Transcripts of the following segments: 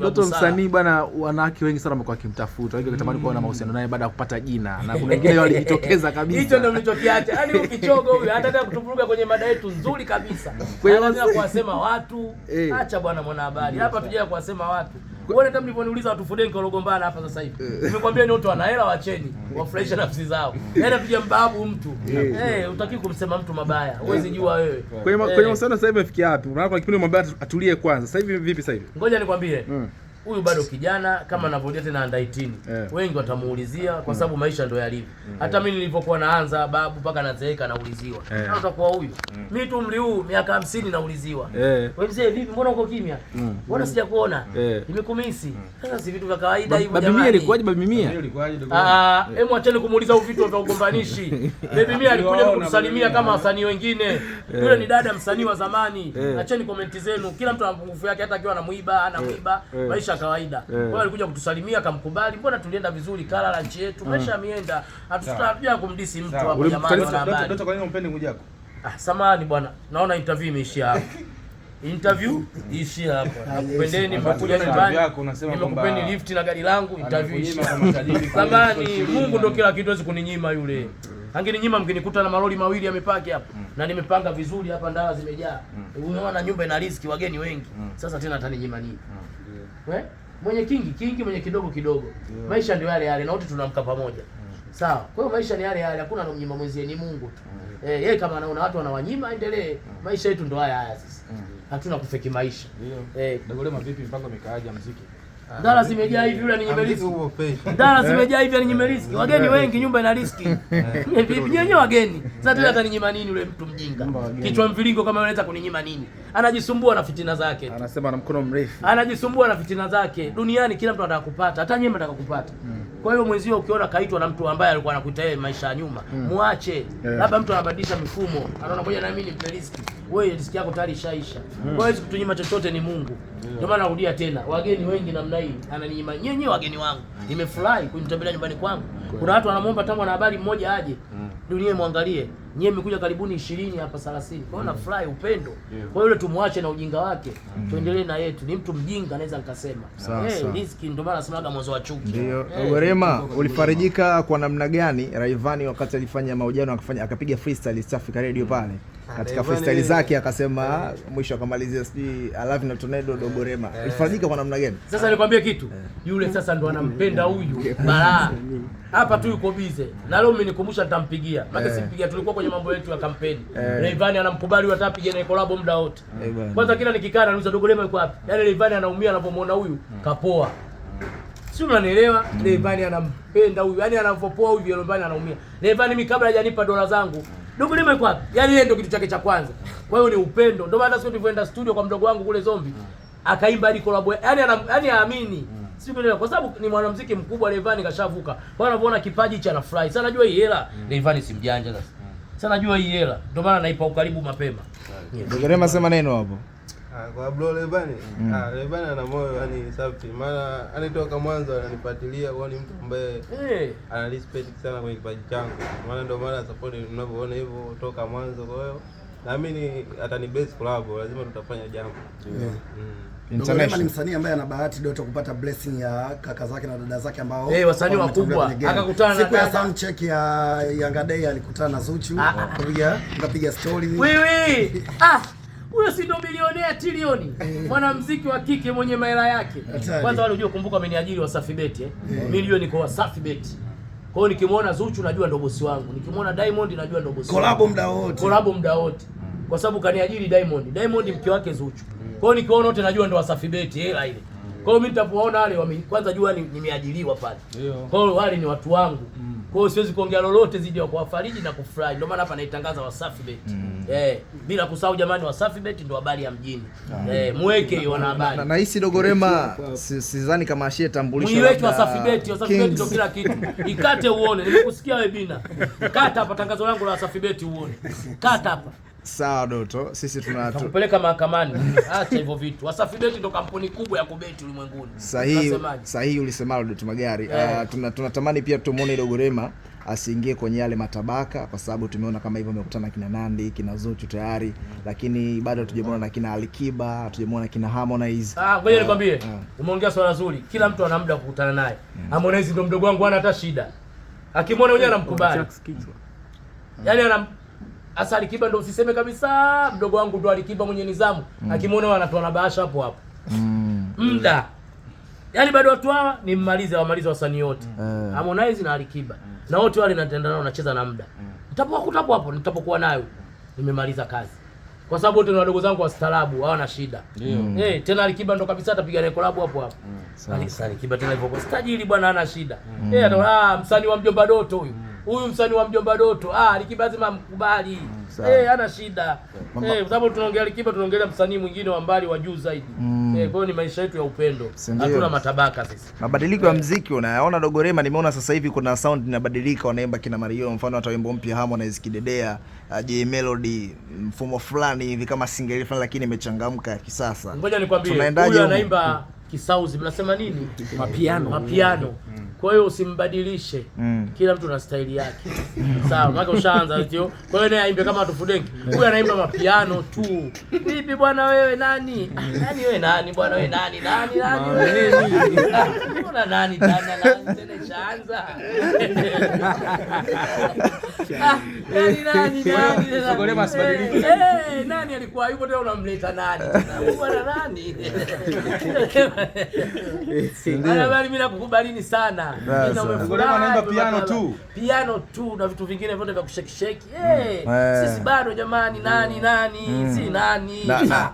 Doto msanii bwana, wanawake wengi sana wamekuwa wakimtafuta, wengi wakitamani kuwa na mm. mahusiano naye baada ya kupata jina, na kuna wengine walijitokeza kabisa. Hicho ndio mlichokiacha, yaani ukichogo huyo hata hata kutuvuruga kwenye mada yetu nzuri kabisa. Kwa hiyo kuwasema watu, eh. acha bwana mwanahabari hapa, tujaye kuwasema watu wewe hata mliponiuliza watu fudeni walogombana hapa sasa hivi. Eh. Nimekwambia ni watu wana hela wacheni, wafurahisha nafsi zao. Eh. Hela pija mbabu mtu. Eh, hey, eh, utaki kumsema mtu mabaya. Huwezi jua wewe. Kwa hiyo kwa hiyo sasa hivi afikia wapi? Unaona kwa kipindi mabaya atulie kwanza. Sasa hivi vipi sasa hivi? Ngoja nikwambie. Mm huyu bado kijana kama anavyolia tena under 18 yeah. Wengi watamuulizia kwa mm. sababu maisha ndio yalivyo. Mm. Hata mimi nilipokuwa naanza babu mpaka nazeeka nauliziwa yeah. Utakuwa huyu mm. Mimi tu umri huu miaka 50 nauliziwa yeah. Wewe mzee vipi, mbona uko kimya? Mm. Mbona mm. sijakuona? yeah. Nimekumisi sasa mm. Si vitu vya kawaida hivyo jamani. Babi mimi ilikuwaje? Babi mimi ilikuwaje? Ah, ah, hebu acheni kumuuliza huyu vitu vya ugombanishi. Babi mimi alikuja kukusalimia kama wasanii wengine. Yule ni dada msanii wa zamani. Acheni komenti zenu, kila mtu ana pungufu yake, hata akiwa anamuiba anamwiba maisha maisha kawaida. Kwa eh. hiyo alikuja kutusalimia akamkubali, mbona tulienda vizuri, kala lunch yetu, eh. maisha yameenda. hatutakuja kumdisi mtu hapo jamani. Ndoto kwa nini umpendi Mwijaku? Ah, samahani bwana, naona interview imeishia hapo. Interview ishi hapa. Ah, Nakupendeni mkuja nyumbani. Nimekupeni lift na gari langu, interview ishi. Samahani, Mungu ndio kila kitu, hawezi kuninyima yule. Mm. Angeni nyima mkinikuta na malori mawili yamepaki hapa mm. na nimepanga vizuri hapa, ndawa zimejaa mm. Unaona nyumba ina riski, wageni wengi mm. Sasa tena ataninyima nini? mm. Eh? mwenye kingi kingi, mwenye kidogo kidogo, yeah. Maisha ndio yale yale na wote tunamka pamoja mm. Sawa, kwa hiyo maisha ni yale yale, hakuna anomnyima mwenzie, ni Mungu tu mm. Eh, yeye kama anaona watu wanawanyima, aendelee mm. Maisha yetu ndio haya haya sisi mm. Hatuna kufeki maisha yeah. Eh, Dagolema vipi, mpango mikaaja muziki Ndala zimejaa hivi yule riski Ndala zimejaa hivi aninyimeliski. Wageni wengi nyumba ina riski. Eh, nyenye wageni. Sasa tu atanyima nini yule mtu mjinga? Kichwa mviringo kama anaweza kuninyima nini? Anajisumbua na fitina zake. Anasema ana mkono mrefu. Anajisumbua na fitina zake. Duniani kila mtu anataka kupata. Hata nyenye mtaka kupata. Hmm. Kwa hiyo mwenzio ukiona kaitwa na mtu ambaye alikuwa anakuita yeye maisha ya nyuma, mm. muache. Labda mtu anabadilisha mifumo, anaona moja na mimi nimpe riziki. Wewe riziki yako tayari ishaisha. Mm. Kwa hiyo kutunyima chochote ni Mungu. Ndio maana narudia tena, wageni wengi namna hii ananinyima nyenye wageni wangu. Mm. Nimefurahi kunitembelea nyumbani kwangu. Kuna watu wanamuomba tangu na habari mmoja aje. Dunia imwangalie nyie mmekuja karibuni ishirini hapa thelathini. Kwa hiyo mm. nafurahi upendo. Kwa hiyo yule tumwache na ujinga wake, mm. tuendelee na yetu. Ni mtu mjinga naweza nikasema. Eh, riziki ndio maana nasemaga mwanzo wa chuki. Ndio. Werema, eh, eh, ulifarijika kwa namna gani Raivani wakati alifanya mahojiano akafanya akapiga freestyle East Africa Radio mm. pale? katika festivali zake akasema mwisho akamalizia sijui alafu na tornado dogorema gorema eh. ifanyika kwa namna gani? Sasa nikwambie kitu eh. yule, sasa ndo anampenda huyu bala hapa tu yuko bize na leo mimi mmenikumbusha, nitampigia maana eh. simpigia. Tulikuwa kwenye mambo yetu ya kampeni eh. Rayvanny anamkubali huyu, atapiga na collab muda wote Kwanza kila nikikaa nauliza dogorema yuko wapi? Yaani Rayvanny anaumia anapomwona huyu hmm. kapoa, si unanielewa? Hmm. Rayvanny anampenda huyu, yaani anapopoa huyu Rayvanny anaumia. Rayvanny mimi kabla hajanipa dola zangu Dogo Lema yuko wapi? Yaani yeye ndio kitu chake cha kwanza. Kwa hiyo ni upendo. Ndio maana sio tulivyoenda studio kwa mdogo wangu kule Zombi. Akaimba hadi collab. Yaani yaani haamini. Sio kwa sababu ni mwanamuziki mkubwa Levani kashavuka. Kwa hiyo anaona kipaji cha anafurahi. Sana najua hii hela. Mm. Rayvanny si mjanja sasa. Mm. Sana najua hii hela. Ndio maana ukaribu mapema. Dogo Lema sema neno hapo. Ah, kwa bro mm. Ah, ana moyo yani safi, maana anatoka mwanzo ananifuatilia kwa ni mtu ambaye hey. Eh. ana respect sana kwenye kipaji changu, maana ndio maana support hivyo toka mwanzo. Kwa hiyo naamini best club, lazima tutafanya jambo yeah. mm. ni msanii ambaye ana bahati Doto kupata blessing ya kaka zake na dada zake ambao hey, eh, wasanii wakubwa. Akakutana siku ya sound check ya Yanga Day alikutana na Zuchu, ah. kupiga kupiga story. Wewe ah huyo si ndo bilionea trilioni, eh. mwanamuziki wa kike mwenye mahela yake. Kwanza wale unajua, kumbuka ameniajiri Wasafi Beti eh? eh? Milioni kwa Wasafi Beti. Kwa hiyo nikimwona Zuchu najua ndo bosi wangu, nikimwona Diamond najua ndo bosi. kolabo muda wote. Collab muda wote. Kwa sababu kaniajiri Diamond. Diamond mke wake Zuchu. Kwa hiyo nikiona wote najua ndo Wasafi Beti eh, hela ile. Kwa hiyo mimi nitapoona wale kwanza jua nimeajiriwa pale. Kwa hiyo wale ni watu wangu. Mm. Kwa hiyo siwezi kuongea lolote zidi ya kuwafariji na kufurahi. Ndio maana hapa naitangaza Wasafi Bet. Mm. Eh, bila kusahau jamani Wasafi Bet ndio habari ya mjini. Mm. Eh, mweke na habari. Na hisi Dogorema sidhani kama ashie tambulisho. Muiweke Wasafi Bet, Wasafi Bet ndio kila kitu. Ikate uone, nimekusikia wewe Bina. Kata hapa tangazo langu la Wasafi Bet uone. Kata hapa. Sawa Doto, sisi tunatupeleka mahakamani. Acha hivyo vitu. Wasafi Bet ndo kampuni kubwa ya kubeti ulimwenguni. Sahihi, sahihi ulisemalo Doto Magari. Yeah. Eh. Uh, tunatamani tuna pia tumuone Dogo Rema asiingie kwenye yale matabaka kwa sababu tumeona kama hivyo amekutana kina Nandi, kina Zuchu tayari, lakini bado hatujamuona na kina Alikiba, hatujamuona kina Harmonize. Ah, ngoja ah, nikwambie. Uh, uh, Umeongea swala zuri. Kila mtu ana muda kukutana naye. Yeah. Mm. Harmonize ndo mdogo wangu, ana hata shida. Akimwona yeye anamkubali. Yaani ana Hasa Alikiba ndo usiseme kabisa, mdogo wangu ndo Alikiba mwenye nizamu mm. akimwona wanatoa na bahasha hapo hapo mm. mda yaani bado watu hawa ni mmalize wamalize wasanii wote mm. Eh. Harmonize na Alikiba mm. na wote wale natenda nao nacheza na muda mm. nitapokuwa hapo hapo nitapokuwa nayo nimemaliza kazi kwa sababu wote ni wadogo zangu wa starabu, hawa na shida mm. Eh, hey, tena Alikiba ndo kabisa atapiga naye collab hapo hapo mm. Alikiba tena hivyo kwa stajili bwana ana shida mm. Eh, hey, ah msanii wa mjomba Doto huyu mm huyu msanii wa mjomba Doto, ah, Alikiba lazima mkubali mm, eh, hana shida eh, kwa sababu tunaongea Alikiba, tunaongelea msanii mwingine wa mbali wa juu zaidi mm. eh, kwa hiyo ni maisha yetu ya upendo, hatuna matabaka sisi. Mabadiliko ya eh. muziki unayaona, Dogo Rema, nimeona sasa hivi kuna sound inabadilika, wanaimba kina Mario, mfano hata wimbo mpya Harmonize kidedea uh, J Melody, mfumo fulani hivi kama singeli fulani, lakini imechangamka kisasa. Ngoja nikwambie, huyu anaimba kisauzi, mnasema nini? Mapiano, mapiano kwa hiyo usimbadilishe mm. Kila mtu na staili yake sawa, maana ushaanza hivyo. Oh, kwa hiyo naye aimbe kama Tufudenki, huyu anaimba mapiano tu. Vipi bwana wewe nani? Nani wewe nani bwana wewe nani nani nani wewe? nani nani tena nani tena Nani nani nani tena gole eh, eh, nani alikuwa yupo tena unamleta nani? Bwana nani? Ana mimi nakukubalini sana anaimba piano tu, piano tu na vitu vingine vyote vya kushekisheki. Mm. Eh. Sisi bado jamani, nani nani, mm. si nani.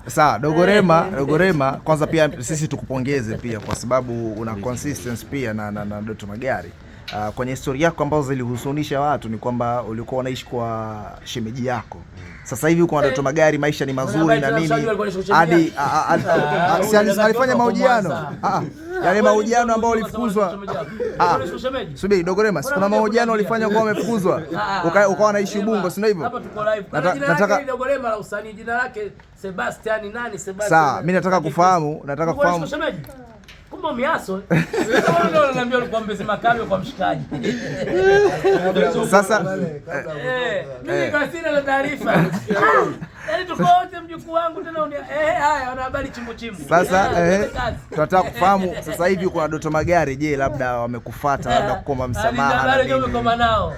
Sawa, Dogorema, eh. Dogorema, kwanza pia sisi tukupongeze pia kwa sababu una consistency pia na na Doto Magari. Uh, kwenye historia yako ambazo zilihusunisha watu ni kwamba ulikuwa unaishi kwa shemeji yako. Sasa hivi uko unatoa eh. magari, maisha ni mazuri na nini, hadi ah, alifanya mahojiano ah, yale mahojiano ambayo ulifukuzwa. Subiri Dogorema, kuna mahojiano ulifanya kwa umefukuzwa, ukawa unaishi Ubungo, si ndio hivyo? Nataka Dogorema la usanii, jina lake Sebastian nani? Sebastian. Sawa, mimi nataka kufahamu, nataka kufahamu kumbe umeaso. kwa mshikaji. Sasa eh, mimi eh, eh. taarifa. Ah, yaani mjukuu wangu Sasa ah, tunataka kufahamu sasa hivi kuna Doto Magari, je, labda wamekufuata labda kukomba ah, msamaha nao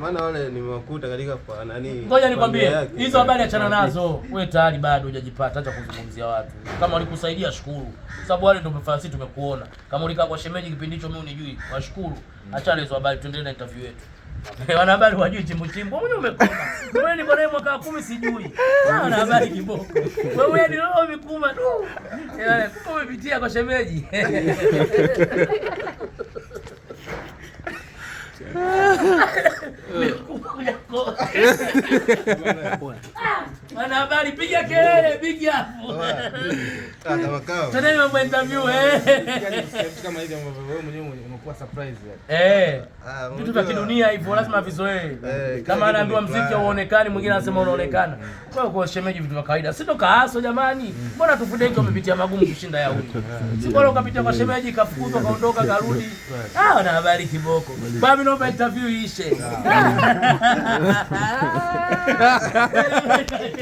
maana wale nimewakuta katika kwa nani. Ngoja nikwambie hizo habari achana nazo, wewe tayari bado hujajipata, acha kuzungumzia watu. Kama walikusaidia shukuru, sababu wale ndio mfasi tumekuona. Kama ulikaa kwa shemeji kipindi hicho, mimi unijui, washukuru. Achana hizo habari, tuendelee na interview yetu. Wanahabari wajui chimbu chimbu. wewe umekoma. Wewe ni bwana mwaka 10 sijui. Wana habari kiboko. Wewe ni roho mikuma tu. Yale, yaani, umepitia kwa shemeji. กูอยากโกรธ Mwana habari piga kelele piga hapo. Kaka makao. Tena mambo interview eh. Kama hivi ambavyo wewe mwenyewe unakuwa surprise yani. Eh. Vitu vya kidunia hivyo lazima vizoee. Eh, kama anaambiwa mziki hauonekani mwingine anasema mm. unaonekana. Kwa kwa shemeji vitu vya kawaida. Si kaaso jamani. Mbona tufundeke umepitia magumu kushinda ya huyu. Si bora ukapitia kwa shemeji kafukuzwa kaondoka karudi. Ah, na habari kiboko. Kwa mimi naomba interview iishe. Ah.